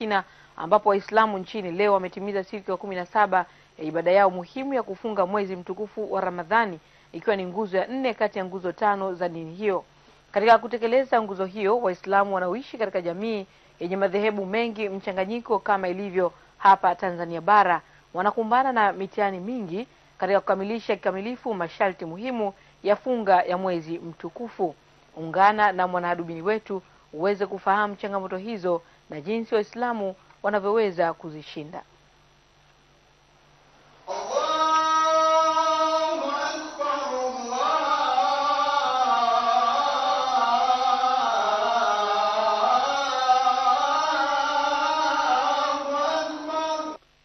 China ambapo Waislamu nchini leo wametimiza siku ya kumi na saba ya ibada yao muhimu ya kufunga mwezi mtukufu wa Ramadhani ikiwa ni nguzo ya nne kati ya nguzo tano za dini hiyo. Katika kutekeleza nguzo hiyo, Waislamu wanaoishi katika jamii yenye madhehebu mengi mchanganyiko kama ilivyo hapa Tanzania bara wanakumbana na mitihani mingi katika kukamilisha kikamilifu masharti muhimu ya funga ya mwezi mtukufu. Ungana na mwanahadubini wetu uweze kufahamu changamoto hizo na jinsi Waislamu wanavyoweza kuzishinda.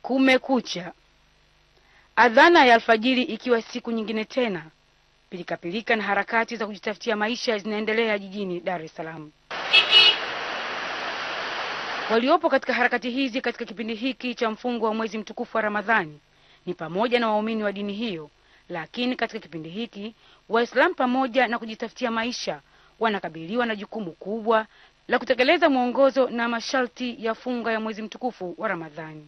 Kumekucha. Adhana ya alfajiri ikiwa siku nyingine tena, pilikapilika na harakati za kujitafutia maisha zinaendelea jijini Dar es Salaam. Waliopo katika harakati hizi katika kipindi hiki cha mfungo wa mwezi mtukufu wa Ramadhani ni pamoja na waumini wa dini hiyo, lakini katika kipindi hiki Waislamu pamoja na kujitafutia maisha wanakabiliwa na jukumu kubwa la kutekeleza mwongozo na masharti ya funga ya mwezi mtukufu wa Ramadhani.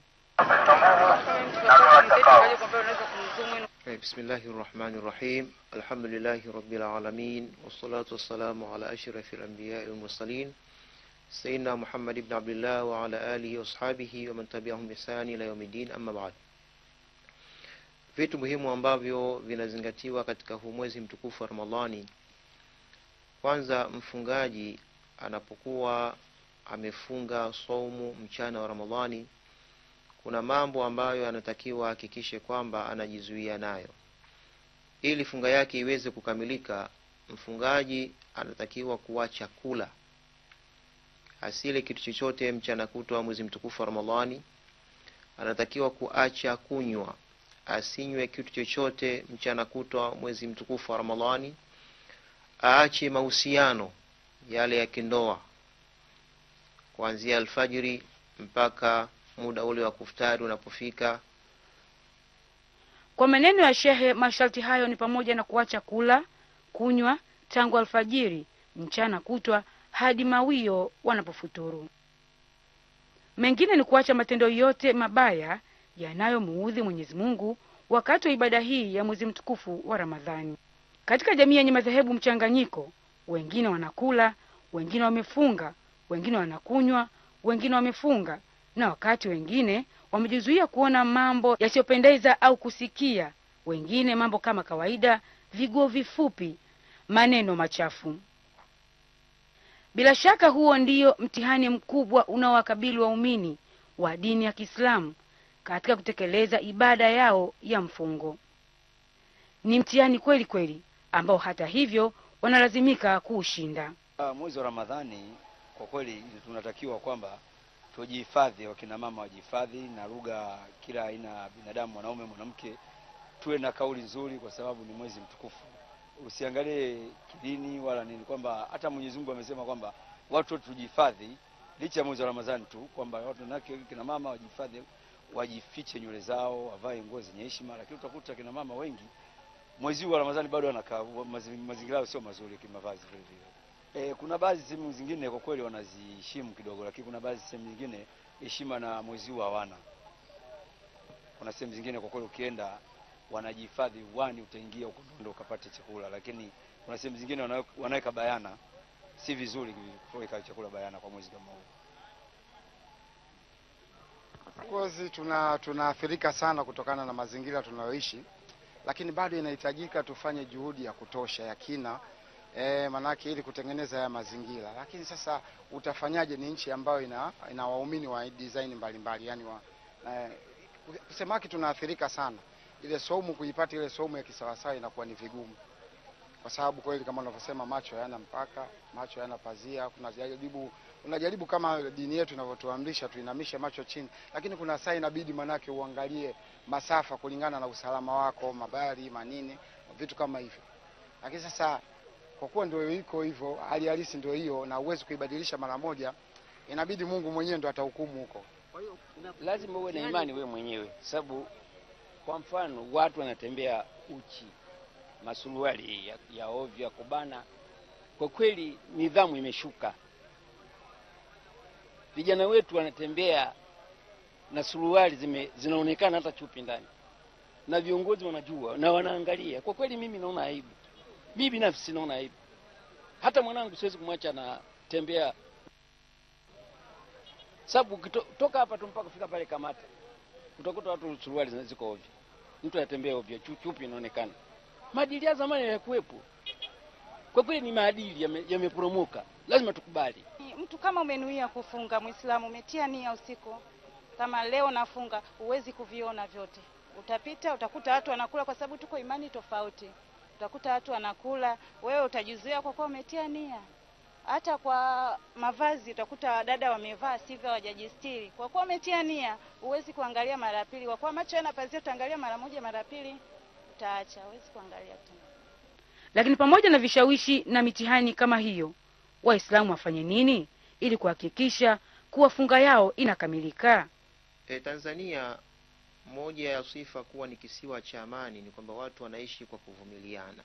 Bismillahi rahmani rahim, alhamdulillahi rabbil alamin wassalatu wassalamu ala ashrafil anbiyai wal mursalin سيدنا محمد بن عبد الله وعلى آله وصحbihi waman tabiahum biihsani ila yaumi amma baad. Vitu muhimu ambavyo vinazingatiwa katika huu mwezi mtukufu wa Ramadhani, kwanza, mfungaji anapokuwa amefunga saumu mchana wa Ramadhani, kuna mambo ambayo anatakiwa ahakikishe kwamba anajizuia nayo ili funga yake iweze kukamilika. Mfungaji anatakiwa kuwa kula asile kitu chochote mchana kutwa mwezi mtukufu wa Ramadhani. Anatakiwa kuacha kunywa, asinywe kitu chochote mchana kutwa mwezi mtukufu wa Ramadhani. Aache mahusiano yale ya kindoa kuanzia alfajiri mpaka muda ule wa kuftari unapofika. Kwa maneno ya shehe, masharti hayo ni pamoja na kuacha kula, kunywa tangu alfajiri, mchana kutwa hadi mawio wanapofuturu. Mengine ni kuacha matendo yote mabaya yanayomuudhi Mwenyezi Mungu wakati wa ibada hii ya mwezi mtukufu wa Ramadhani. Katika jamii yenye madhehebu mchanganyiko, wengine wanakula, wengine wamefunga, wengine wanakunywa, wengine wamefunga, na wakati wengine wamejizuia kuona mambo yasiyopendeza au kusikia, wengine mambo kama kawaida, viguo vifupi, maneno machafu. Bila shaka huo ndio mtihani mkubwa unaowakabili waumini wa dini ya Kiislamu katika kutekeleza ibada yao ya mfungo. Ni mtihani kweli kweli ambao hata hivyo wanalazimika kuushinda. Ah, mwezi wa Ramadhani kwa kweli tunatakiwa kwamba tujihifadhi, wakinamama mama wajihifadhi na lugha kila aina ya binadamu, mwanaume, mwanamke, tuwe na kauli nzuri, kwa sababu ni mwezi mtukufu usiangalie kidini wala nini, kwamba hata Mwenyezi Mungu amesema kwamba watu tujihifadhi licha ya mwezi wa Ramadhani tu, kwamba watu na kina mama wajihifadhi, wajifiche nywele zao, wavae nguo zenye heshima, lakini utakuta kina mama wengi mwezi wa Ramadhani bado wanakaa, mazingira yao sio mazuri kimavazi vile vile. E, kuna baadhi sehemu zingine kwa kweli wanaziheshimu kidogo, lakini kuna baadhi sehemu zingine heshima na mwezi huu hawana. Kuna sehemu zingine kwa kweli ukienda wanajihifadhi wani utaingia huko ndo ukapate chakula, lakini kuna sehemu zingine wanaweka bayana. Si vizuri kuweka chakula bayana kwa mwezi kama huu. Kozi tuna tunaathirika sana kutokana na mazingira tunayoishi, lakini bado inahitajika tufanye juhudi ya kutosha ya kina e, manake ili kutengeneza haya mazingira. Lakini sasa utafanyaje? Ni nchi ambayo ina, ina waumini wa design mbalimbali mbali, yani wa, e, kusema tunaathirika sana ile somo kuipata ile somo ya kisawasawa inakuwa ni vigumu, kwa sababu kweli kama unavyosema, macho hayana mpaka, macho hayana pazia. Unajaribu, unajaribu kama dini yetu inavyotuamrisha tuinamishe macho chini, lakini kuna saa inabidi manake uangalie masafa kulingana na usalama wako, mabari manini, vitu kama hivyo. Lakini sasa kwa kuwa ndio iko hivyo, hali halisi ndio hiyo, na uwezi kuibadilisha mara moja, inabidi Mungu mwenyewe ndo atahukumu huko. Lazima uwe na imani wewe mwenyewe sababu kwa mfano watu wanatembea uchi, masuruali ya, ya ovyo ya kubana. Kwa kweli nidhamu imeshuka, vijana wetu wanatembea na suruali zinaonekana hata chupi ndani, na viongozi wanajua na wanaangalia. Kwa kweli mimi naona aibu, mimi binafsi naona aibu. Hata mwanangu siwezi kumwacha anatembea, sababu toka hapa tu mpaka kufika pale Kamata utakuta watu suruali ziko ovyo mtu anatembea ovyo, chupi inaonekana. Maadili ya zamani yakuwepo kwa kweli, ni maadili yameporomoka, yame lazima tukubali. Mtu kama umenuia kufunga, Muislamu umetia nia usiku kama leo nafunga, huwezi kuviona vyote, utapita utakuta watu wanakula, kwa sababu tuko imani tofauti, utakuta watu wanakula, wewe utajizuia kwa kuwa umetia nia hata kwa mavazi utakuta wadada wamevaa sivyo, hawajajistiri kwa kuwa wametia nia. Huwezi kuangalia mara pili, kwa kuwa macho yana pazia, utaangalia mara moja, mara pili utaacha, huwezi kuangalia tena. Lakini pamoja na vishawishi na mitihani kama hiyo, Waislamu wafanye nini ili kuhakikisha kuwa funga yao inakamilika? E, Tanzania moja ya sifa kuwa ni kisiwa cha amani ni kwamba watu wanaishi kwa kuvumiliana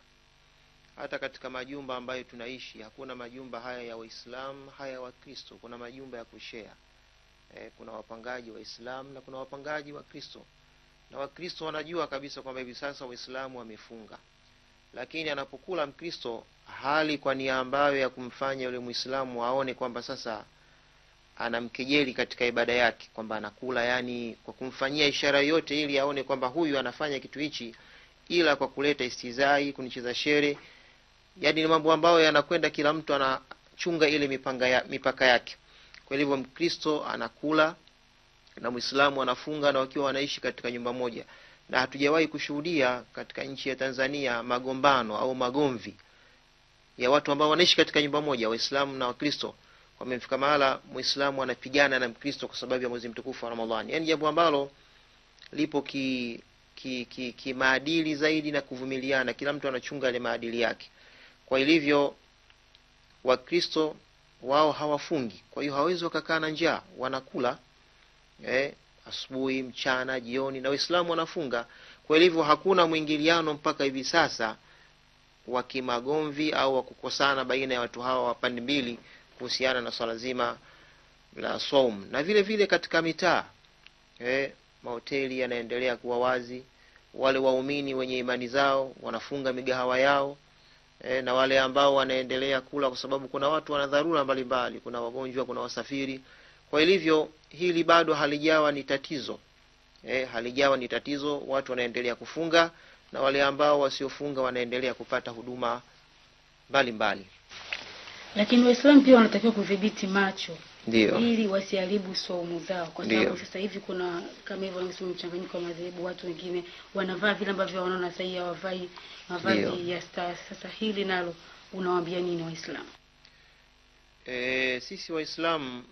hata katika majumba ambayo tunaishi hakuna majumba haya ya Waislamu, haya ya Wakristo. Kuna majumba ya kushea e, eh, kuna wapangaji Waislamu na kuna wapangaji kristo na Wakristo wanajua kabisa kwamba hivi sasa Waislamu wamefunga, lakini anapokula Mkristo hali kwa nia ambayo ya kumfanya yule Mwislamu aone kwamba sasa anamkejeli katika ibada yake, kwamba anakula, yani kwa kumfanyia ishara yoyote ili aone kwamba huyu anafanya kitu hichi, ila kwa kuleta istizai, kunicheza shere yaani ni mambo ambayo yanakwenda, kila mtu anachunga ile mipanga ya, mipaka yake. Kwa hivyo Mkristo anakula na Mwislamu anafunga na wakiwa wanaishi katika nyumba moja, na hatujawahi kushuhudia katika nchi ya Tanzania magombano au magomvi ya watu ambao wanaishi katika nyumba moja, Waislamu na Wakristo. Wamefika mahala Mwislamu anapigana na Mkristo kwa sababu ya mwezi mtukufu wa Ramadhani, yaani jambo ambalo lipo ki kimaadili ki, ki zaidi na kuvumiliana, kila mtu anachunga ile maadili yake. Kwa ilivyo Wakristo wao hawafungi, kwa hiyo hawezi wakakaa na njaa, wanakula eh, asubuhi, mchana, jioni, na Waislamu wanafunga. Kwa hilivyo hakuna mwingiliano mpaka hivi sasa wa kimagomvi au wa kukosana baina ya watu hawa wa pande mbili kuhusiana na swala zima la som Na vile vile katika mitaa eh, mahoteli yanaendelea kuwa wazi, wale waumini wenye imani zao wanafunga migahawa yao e, na wale ambao wanaendelea kula, kwa sababu kuna watu wana dharura mbalimbali, kuna wagonjwa, kuna wasafiri. Kwa hivyo hili bado halijawa ni tatizo e, halijawa ni tatizo. Watu wanaendelea kufunga na wale ambao wasiofunga wanaendelea kupata huduma mbalimbali, lakini Waislamu pia wanatakiwa kudhibiti macho Ndiyo. ili wasiharibu somo zao, kwa sababu sasa hivi kuna kama hivyo wanasema mchanganyiko wa madhehebu. Watu wengine wanavaa vile ambavyo wanaona sahihi, hawavai mavazi ya staa. Sasa hili nalo unawaambia nini Waislamu? E, sisi Waislamu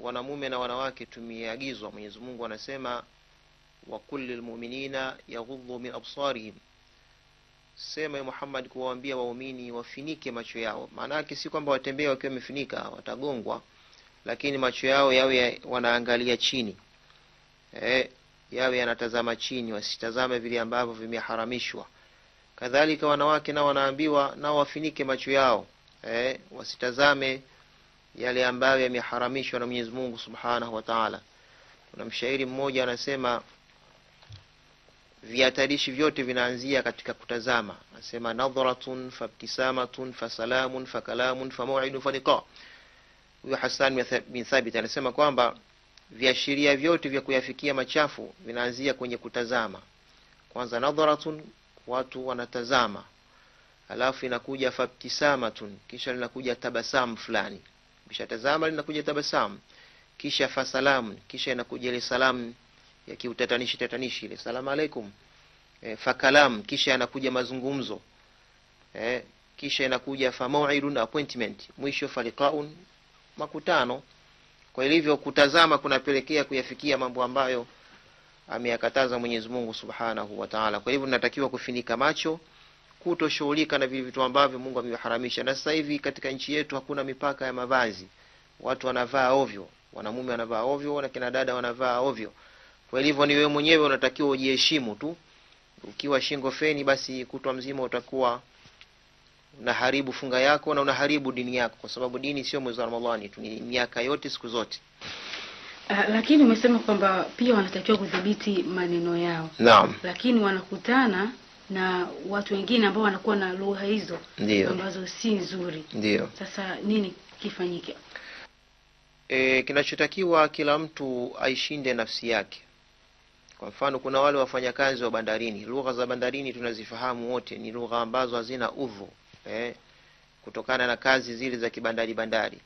wanamume na wanawake tumeagizwa, Mwenyezi Mungu anasema wa kulli lmuminina yaghudhu min absarihim, sema ya Muhammad kuwaambia waumini wafinike macho yao. Maana yake si kwamba watembee wakiwa wamefinika, watagongwa lakini macho yao yawe ya, wanaangalia chini e, yawe yanatazama chini, wasitazame vile ambavyo vimeharamishwa. Kadhalika wanawake nao wanaambiwa nao wafinike macho yao e, wasitazame yale ambayo yameharamishwa na Mwenyezi Mungu Subhanahu wa Ta'ala. Kuna mshairi mmoja anasema vihatarishi vyote vinaanzia katika kutazama. Anasema nadharatun fabtisamatun fasalamun fakalamun famuidun faliqa huyo hasan bin Thabit anasema kwamba viashiria vyote vya kuyafikia machafu vinaanzia kwenye kutazama. Kwanza nadharatun, watu wanatazama, alafu inakuja fabtisamatun, kisha linakuja tabasamu fulani, kishatazama linakuja tabasamu, kisha fasalamun, kisha inakuja ile salamu ya kiutatanishi tatanishi, ile salamu alaikum. E, fakalam, kisha anakuja mazungumzo e, kisha inakuja famauidun appointment, mwisho faliqaun makutano. Kwa hivyo kutazama kunapelekea kuyafikia mambo ambayo ameyakataza Mwenyezi Mungu Subhanahu wa Ta'ala. Kwa hivyo tunatakiwa kufinika macho, kutoshughulika na vile vitu ambavyo Mungu ameharamisha Na sasa hivi katika nchi yetu hakuna mipaka ya mavazi, watu wanavaa ovyo, wanamume wanavaa ovyo na kina dada wanavaa ovyo. Kwa hivyo ni wewe mwenyewe unatakiwa ujiheshimu tu. Ukiwa shingo feni, basi kutwa mzima utakuwa unaharibu funga yako na unaharibu dini yako, kwa sababu dini sio mwezi wa Ramadhani tu, ni miaka yote, siku zote. Uh, lakini umesema kwamba pia wanatakiwa kudhibiti maneno yao. Naam. Lakini wanakutana na watu wengine ambao wanakuwa na lugha hizo ambazo si nzuri. Ndio. Sasa nini kifanyike? E, kinachotakiwa kila mtu aishinde nafsi yake. Kwa mfano, kuna wale wafanyakazi wa bandarini, lugha za bandarini tunazifahamu wote, ni lugha ambazo hazina udhu eh, kutokana na kazi zile za kibandari bandari.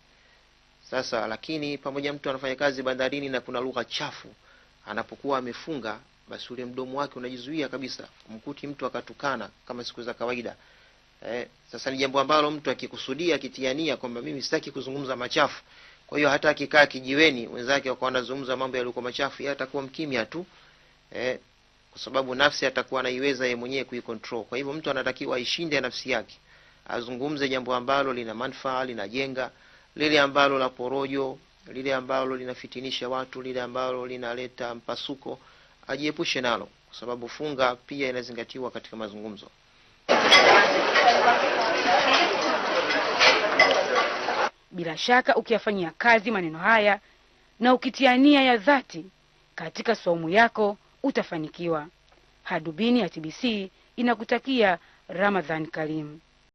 Sasa lakini pamoja mtu anafanya kazi bandarini na kuna lugha chafu, anapokuwa amefunga basi ule mdomo wake unajizuia kabisa, mkuti mtu akatukana kama siku za kawaida eh. Sasa ni jambo ambalo mtu akikusudia akitiania kwamba mimi sitaki kuzungumza machafu, kwa hiyo hata akikaa kijiweni wenzake wakawa wanazungumza mambo yaliokuwa machafu, yeye atakuwa mkimya tu eh, kwa sababu nafsi atakuwa anaiweza yeye mwenyewe kuikontrol. Kwa hivyo mtu anatakiwa aishinde nafsi yake azungumze jambo ambalo lina manufaa, linajenga, lile ambalo la porojo, lile ambalo linafitinisha watu, lile ambalo linaleta mpasuko, ajiepushe nalo, kwa sababu funga pia inazingatiwa katika mazungumzo. Bila shaka ukiyafanyia kazi maneno haya na ukitia nia ya dhati katika saumu yako utafanikiwa. Hadubini ya TBC inakutakia Ramadhan Karimu.